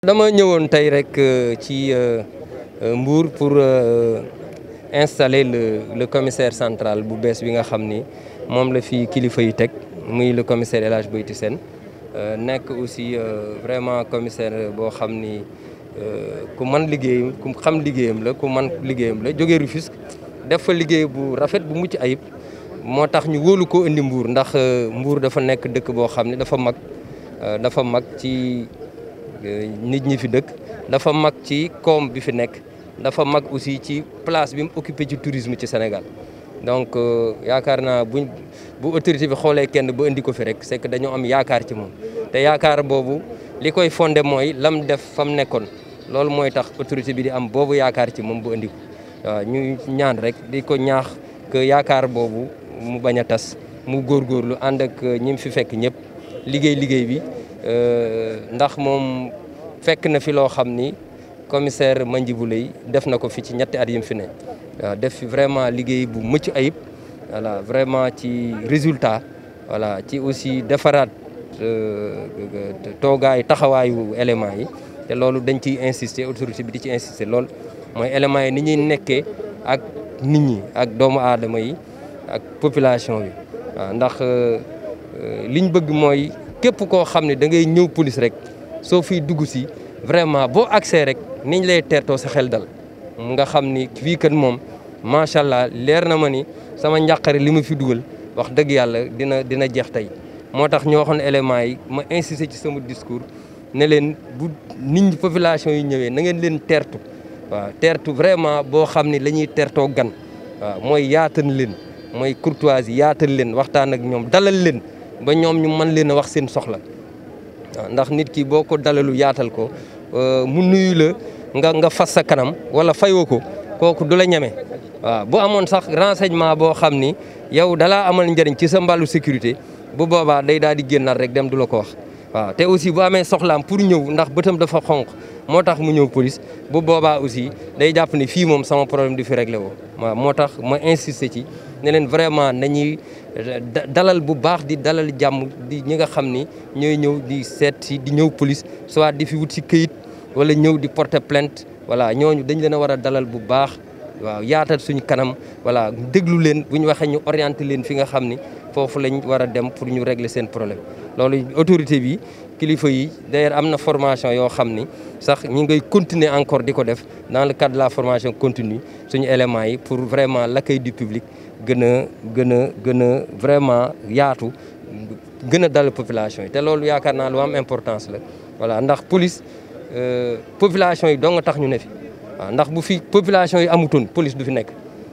dama ñëwoon tey rek euh, ci euh, euh, Mbour pour installer le le commissaire central bu bees bi nga xam ni moom la fi kilifa yi teg muy le commissaire El Hadj seen Sène nekk aussi vraiment commissaire boo xam ni ku man liggéey ku xam liggéeyam la ku man liggéeyam la jógee Rufisque def fa liggéey bu rafet bu mucc ayib moo tax ñu wóolu ko indi mbuur ndax mbuur dafa nekk dëkk boo xam ne dafa mag dafa mag ci. nit ñi fi dëkk dafa mag ci koom bi fi nekk dafa mag aussi ci place bi mu occupé ci tourisme ci Sénégal donc euh, yaakaar naa buñ bu autorité bi xoolee kenn ba indi ko fi rek c'est que dañoo am yaakaar ci moom te yaakaar boobu li koy fondé mooy lam def fa mu nekkoon loolu mooy tax autorité bi di am boobu yaakaar ci moom bu indi ko waaw ñu ñaan rek di ko ñaax que yaakaar boobu mu bañ a tas mu góorgóorlu ànd ak ñi fi fekk ñëpp liggéey liggéey bi. Euh, ndax mom fekk na fi lo xamni commissaire Mandjibou def nako fi ci ñetti at yim fi ne def vraiment liguey bu mucc ayib voilà vraiment ci résultat voilà ci aussi defaraat euh, togaay taxawayu éléments yi te lolu dañ ci insister autorité bi di ci insister lool moy éléments yi ni ñi nekké ak nit ñi ak doomu aadama yi ak population bi waaw ndax euh, liñ bëgg moy képp koo xam ne da ngay ñëw police rek soo fiy dugg si vraiment boo accès rek niñ lay teertoo sa xel dal nga xam ni fii kan moom macha allah leer na ma ni sama njàqare li ma fi dugal wax dëgg yàlla dina dina jeex tey moo tax ñoo xam ne éléments yi ma insisté ci sama discours ne leen bu nit ñi population yi ñëwee na ngeen leen teertu waaw teertu vraiment boo xam ni la ñuy teertoo gan mooy yaatal leen mooy courtoisie yaatal leen waxtaan ak ñoom dalal leen ba ñoom ñu man leen wax seen soxla ndax nit ki boo ko dalalu yaatal ko euh, mu nuyu la nga nga fas sa kanam wala fayoo ko kooku du la ñeme waaw bu amoon sax renseignement boo xam ni yow dalaa amal njëriñ ci sa mbalu sécurité bu boobaa day daal di génnal rek dem du la ko wax waaw te aussi bu amee soxlaam pour ñëw ndax bëtam dafa xonq motax mu ñew police bu aussi day japp ni fi mom sama problème du fi suis wo motax ma insisté ci ne vraiment nañi euh, dalal bu baax di dalal jamm di ñi nga di police soit di fi wut ci keuyit wala porter plainte voilà ñooñu dañ je suis dalal bu baax waaw suñu kanam voilà déglu ñu orienté foofu lañ wara dem pour ñu régler sen problème lolu autorité bi kilifa yi d'ailleurs amna formation yo xamni ni sax ñi ngay continuer encore diko def dans le cadre de la formation continue suñu élément yi pour vraiment l'accueil du public gën a gën a vraiment yaatu gën dal population yi te loolu yaakaar naa lu am importance la voilà ndax police euh, population yi doo nga tax ñu ne fi ndax bu fi population yi amutoon police du fi nek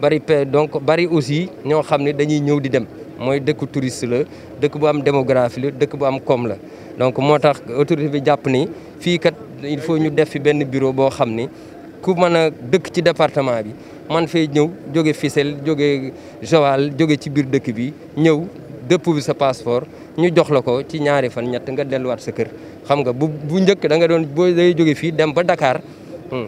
bari donc bari aussi ñoo xam dañuy ñëw di dem moy dëkk touriste la dëkk bu am démographie la dëkk am donc motax autorité bi ni il faut ñu def fi benn bureau bo ku mëna dëkk ci département bi man fay ñëw joggé joggé Joal joggé ci biir dëkk bi ñëw passeport ñu jox la ci ñaari fan nga sa xam nga bu bu da nga day dem hmm,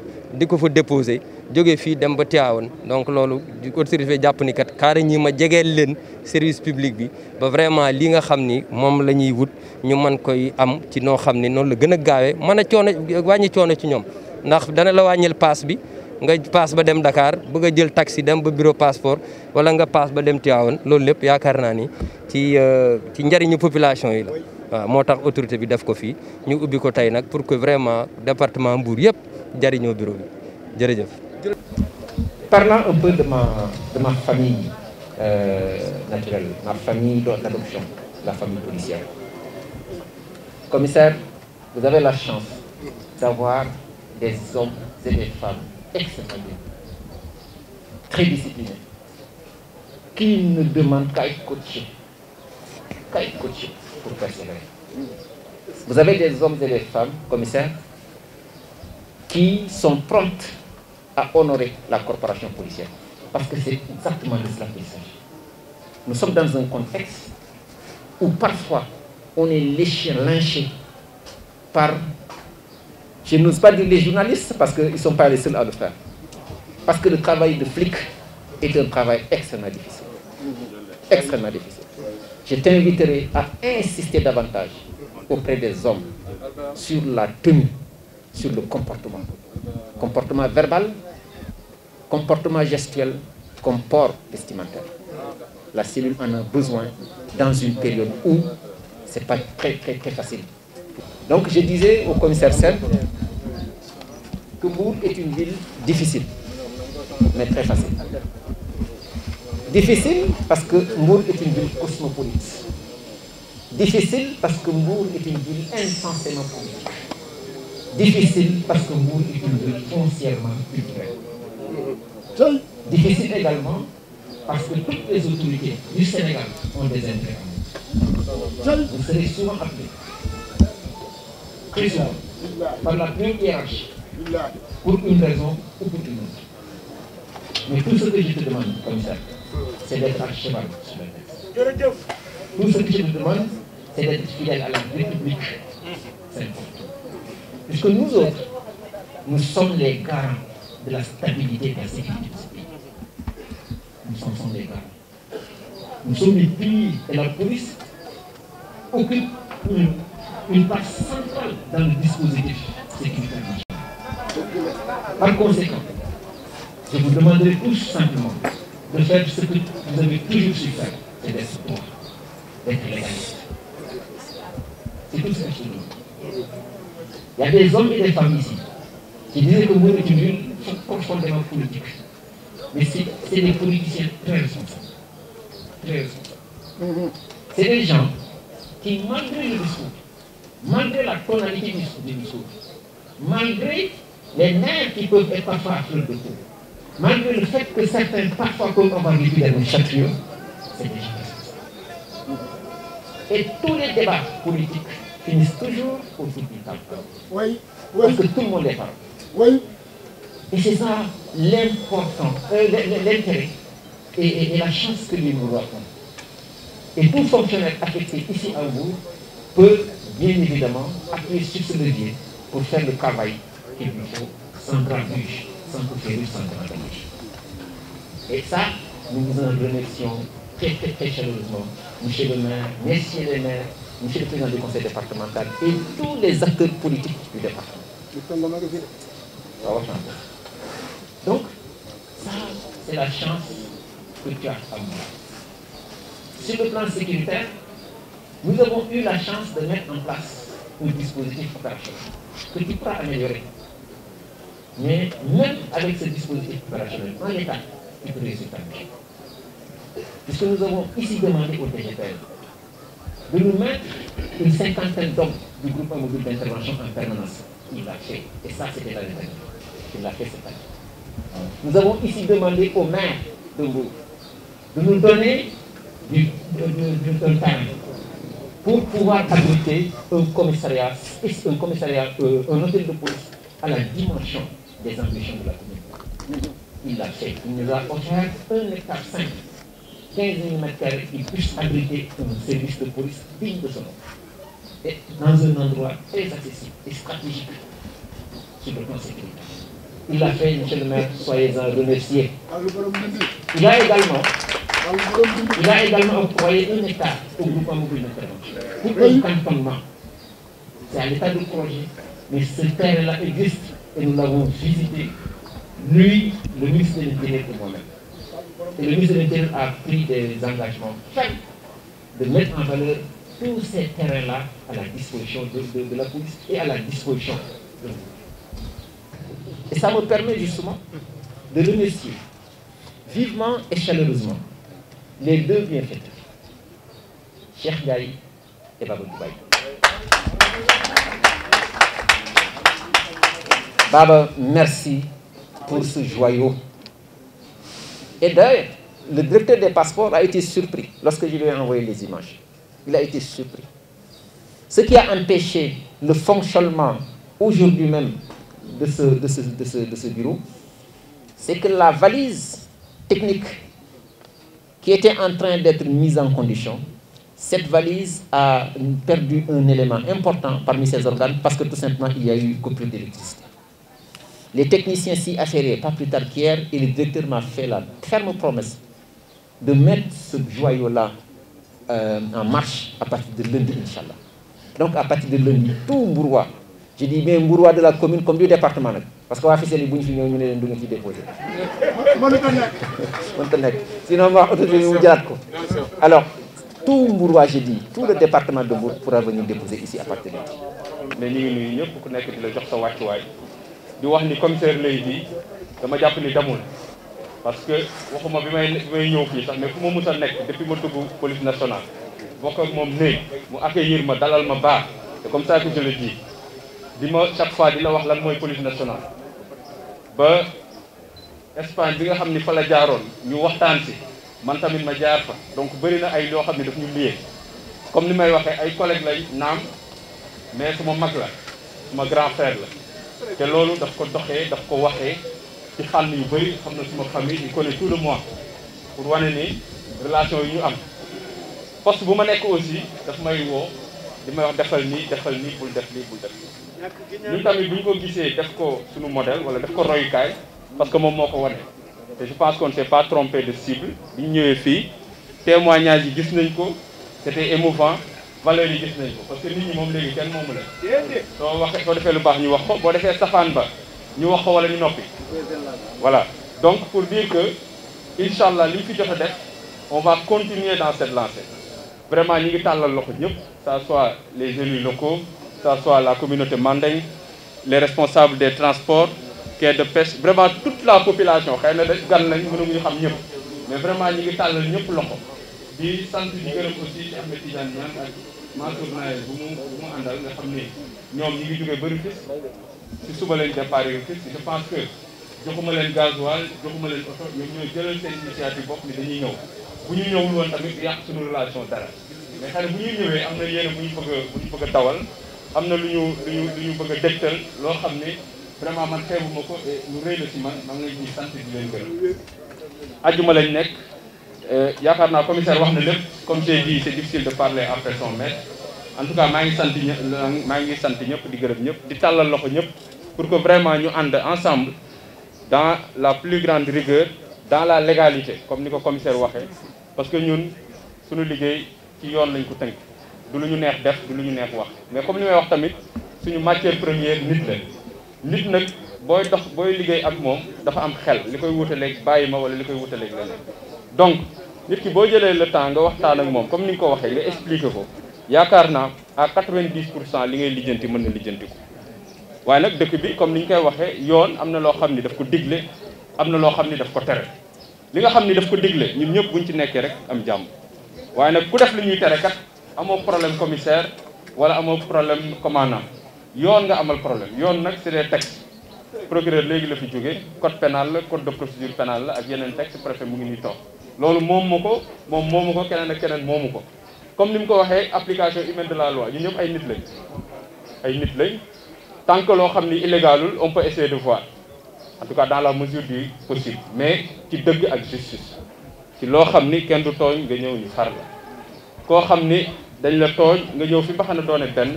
déposer jóge fii dem ba Tivaouane donc loolu autorité jàpp ni kat kaara ñi ma jegeel leen service public bi ba vraiment li nga xam ni moom la ñuy wut ñu man koy am ci noo xam ni noonu la gën a gaawee mën a coono wàññi coono ci ñoom ndax dana la wàññil paas bi nga paas ba dem Dakar bëgg a jël taxi dem ba bureau passeport wala nga paas ba dem Tivaouane loolu lépp yaakaar naa ni ci euh, ci njëriñu population yi la waaw moo tax autorité bi def ko fii ñu ubbi ko tey nag pour que vraiment département Mbour yëpp jëriñoo bureau jërëjëf Parlant un peu de ma, de ma famille euh, naturelle, ma famille d'adoption, la famille policière. Commissaire, vous avez la chance d'avoir des hommes et des femmes excellents, très disciplinés, qui ne demandent qu'à être coachés, qu'à être coachés pour persévérer. Vous avez des hommes et des femmes, commissaire, qui sont promptes à honorer la corporation policière. Parce que c'est exactement de cela qu'il s'agit. Nous sommes dans un contexte où parfois on est léché, lynché par, je n'ose pas dire les journalistes, parce qu'ils ne sont pas les seuls à le faire. Parce que le travail de flic est un travail extrêmement difficile. Extrêmement difficile. Je t'inviterai à insister davantage auprès des hommes sur la tenue sur le comportement. Comportement verbal, comportement gestuel, comport vestimentaire. La cellule en a besoin dans une période où ce n'est pas très, très, très facile. Donc je disais au commissaire Serre que Bourg est une ville difficile, mais très facile. Difficile parce que Mbour est une ville cosmopolite. Difficile parce que Mbour est une ville insensément Difficile parce que vous, est une ville foncièrement culturelle. Difficile également parce que toutes les autorités du Sénégal ont des intérêts. Vous serez souvent appelés, Prison par la première hiérarchie, pour une raison ou pour une autre. Mais tout ce que je te demande, commissaire, c'est d'être à sur la Tout ce que je te demande, c'est d'être fidèle à la République. C'est Puisque que nous autres, nous sommes les garants de la stabilité et de la sécurité de ce pays. Nous sommes les gardes. Nous sommes les pays et la police occupe une, une part centrale dans le dispositif sécuritaire Par conséquent, je vous demanderai tout simplement de faire ce que vous avez toujours su faire, c'est d'être droit, d'être légaliste. C'est tout ce que je dis. Il y a des hommes et des femmes ici qui disent que mon étude sont profondément politiques. Mais c'est des politiciens très responsables. Très responsables. C'est des gens qui, malgré le discours, malgré la tonalité du discours, malgré les nerfs qui peuvent être parfois à le de discours, malgré le fait que certains, parfois, comme on va vivre dans nos c'est des gens responsables. Et tous les débats politiques finissent toujours autour d'une table Oui, oui. Parce que tout le monde est parle. Oui. Et c'est ça l'importance, euh, l'intérêt et, la chance que nous a. Et tout fonctionnaire affecté ici à vous peut bien évidemment appuyer sur ce levier pour faire le travail qu'il nous faut sans grand bûche, sans couper, sans bouche. Et ça, nous vous en remercions très très très chaleureusement, monsieur le maire, messieurs les maires, monsieur le président du conseil départemental et tous les acteurs politiques du département. Donc, ça, c'est la chance que tu as à moi. Sur le plan sécuritaire, nous avons eu la chance de mettre en place un dispositif opérationnel que tu pourras améliorer. Mais même avec ce dispositif opérationnel, en l'état, tu peux résultat. Puisque nous avons ici demandé au DGPL de nous mettre une cinquantaine d'hommes du groupe mobile d'intervention en permanence. Il l'a fait. Et ça, c'était la dernière. Il l'a fait cette année. Nous avons ici demandé au maire de vous de nous donner du, un terme pour pouvoir habiter un commissariat, un commissariat, euh, hôtel de police à la dimension des ambitions de la commune. Il l'a fait. Il nous a offert un hectare simple. 15 mm qui puisse abriter un service de police digne de ce nom. Et dans un endroit très accessible et stratégique sur le plan sécuritaire. Il a fait, monsieur le maire, soyez-en remerciés. Il a également, il a également employé un état au groupement mobile d'intervention. Pour un c'est un état de projet, mais ce terrain-là existe et nous l'avons visité, lui, le ministre de l'Intérieur et moi-même et le ministre de l'Intérieur a pris des engagements de mettre en valeur tous ces terrains-là à la disposition de, la police et à la disposition de nous. Et ça me permet justement de remercier vivement et chaleureusement les deux bienfaiteurs, Cheikh Gary et Babou Dubaï. Baba, merci pour ce joyau et d'ailleurs, le directeur des passeports a été surpris lorsque je lui ai envoyé les images. Il a été surpris. Ce qui a empêché le fonctionnement aujourd'hui même de ce, bureau, c'est que la valise technique qui était en train d'être mise en condition, cette valise a perdu un élément important parmi ses organes parce que tout simplement il y a eu coupure d'électricité. Les techniciens s'y afférés, pas plus tard qu'hier, et le directeur m'a fait la ferme promesse de mettre ce joyau-là euh, en marche à partir de lundi, Inch'Allah. Donc à partir de lundi, tout Mbouroua, je dis mais Mbouroua de la commune comme du département, parce qu'on va faire les bougies, on va les déposer. Sinon, on va Alors, tout Mbouroua, je dis, tout le département de pourra venir déposer ici à partir de lundi. Mais nous, nous, nous, nous, di wax ni commissaire lay bi dama jàpp ni demul parce que waxuma bi may bi may ñëw fii sax mais fu ma mus a nekk depuis ma dugg police nationale bokk ak moom néeg mu accueillir ma dalal ma baax c'est comme ça que je le dis di ma chaque fois di la wax lan mooy police nationale ba Espagne bi nga xam ni fa la jaaroon ñu waxtaan si man tamit ma jaar fa donc bëri na ay loo xam ne daf ñu liyee comme ni may waxee ay collègues lañ naam mais suma mag la suma grand frère la te loolu daf ko doxee daf ko waxee ci xàll yu bëri xam na suma famille il connaît tout le monde pour wane ni relation yi ñu am poste bu ma nekk aussi daf may woo di may wax defal nii defal nii bul def lii bul def lii ñun tamit bu ko gisee def ko suñu modèle wala def ko royukaay parce que moom moo ko wane te je pense qu'on ne s'est pas trompé de cible bi ñu ñëwee fii témoignage yi gis nañ ko c'était émouvant valeur yi gis nañ ko parce que nit ñi moom léegi kenn moomu la soo waxee soo defee lu baax ñu wax ko boo defee safaan ba ñu wax ko wala ñu noppi voilà donc pour dire que incha allah li ñu fi jot a def on va continuer dans cette lancée vraiment ñi ngi tàllal loxo ñëpp ça soit les élus locaux ça soit la communauté mandeng les responsables des transports quai de pêche vraiment toute la population xëy na de gan nañ mënaguñu xam ñëpp mais vraiment ñi ngi tàllal ñëpp loxo di sant di gërëm aussi ci Ahmed Tidiane Niane ak Mansour Naël bu mu bu mu àndal nga xam ne ñoom ñi ngi jógee bëri fis si suba leen départ yu fis je pense que joxuma leen gasoil joxuma leen oto ñoom ñoo jëlal seen initiative bopp ni dañuy ñëw bu ñu ñëwul woon tamit yàq suñu relation dara mais xëy na bu ñuy ñëwee am na yéene bu ñu bëgg a bu ñu bëgg a am na lu ñu lu ñu lu ñu bëgg a dégtal loo xam ne vraiment man xeebu ma ko et lu rëy la ci man maa nga leen di sant di leen gërëm ajjuma lañ nekk Euh, yaakaar naa commissaire wax na lépp comme j'ai dit c'est difficile de parler après son maître en tout cas maa ngi sant ñëpp maa ngi sant ñëpp di gërëm ñëpp di tàllal loxo ñëpp pour que vraiment ñu ànd ensemble dans la plus grande rigueur dans la légalité comme ni ko commissaire waxee parce que ñun suñu liggéey ci yoon lañ ko tënk du lu ñu neex def du lu ñu neex wax mais comme ni may wax tamit suñu matière première nit la nit nag booy dox booy liggéey ak moom dafa am xel li koy wutaleeg bàyyi ma wala li koy wutaleeg leneen donc nit ki boo jëlee le temps nga waxtaan ak moom comme ni ñu ko waxee nga expliquer ko yaakaar naa à quatre-vingt-dix pour cent li ngay lijjanti mën na lijjanti ko waaye nag dëkk bi comme ni ñu koy waxee yoon am na loo xam ni daf ko digle am na loo xam ni daf ko tere li nga xam ni daf ko digle ñun ñëpp buñ ci nekkee rek am jàmm waaye nag ku def li ñuy tere kat amoon problème commissaire wala amoo problème commandant yoon nga amal problème yoon nag c'est des textes procureur léegi la fi jóge code pénal la code de la ak yeneen texte mu ngi ñuy toog loolu moom ma ko moom moomu ko keneen ak keneen moomu ko comme ni mu ko waxee application humaine de la loi ñun ñëpp ay nit lañ ay nit lañ tant que loo xam ni illégalul on peut de voir en tout cas dans la mesure du possible mais ci dëgg ak justice ci loo xam ni kenn du tooñ nga ñëw ñu xar la koo xam ni dañ la tooñ nga ñëw fi mbaxana doone benn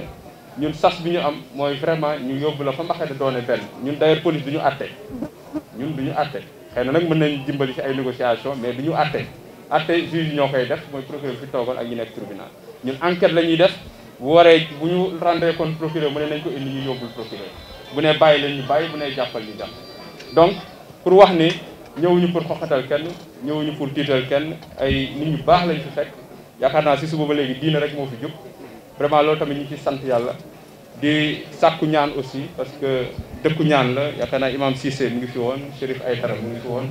ñun sas bi ñu am mooy vraiment ñu yóbbu la fa mbaxana doone benn ñun d'ailleurs police du ñu àtte ñun du ñu àtte xëy na nag mën nañ dimbali ci ay négociation mais du ñu atte atte juge ñoo koy def mooy procureur fi toogal ak ñu nekk tribunal ñun enquête la ñuy def bu waree bu ñu rendre compte procureur mu ne nañ ko indi ñu yóbbul procureur bu ne bàyyi leen ñu bàyyi bu ne jàppal ñu jàpp donc pour wax ni ñëwuñu pour xoxatal kenn ñëwuñu pour tiital kenn ay nit ñu baax lañ fi fekk yaakaar naa si suba ba léegi diina rek moo fi jub vraiment loolu tamit ñu ci sant yàlla di sàkku ñaan aussi parce que dëkku ñaan la yaakaar naa imam Cissé mu ngi fi woon Chérif Aïtara mu ngi fi woon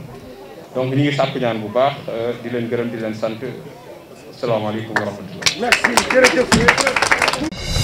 donc ñu ngi sàkku ñaan bu baax euh, di leen gërëm di leen sant asalaamaaleykum wa rahmatullah merci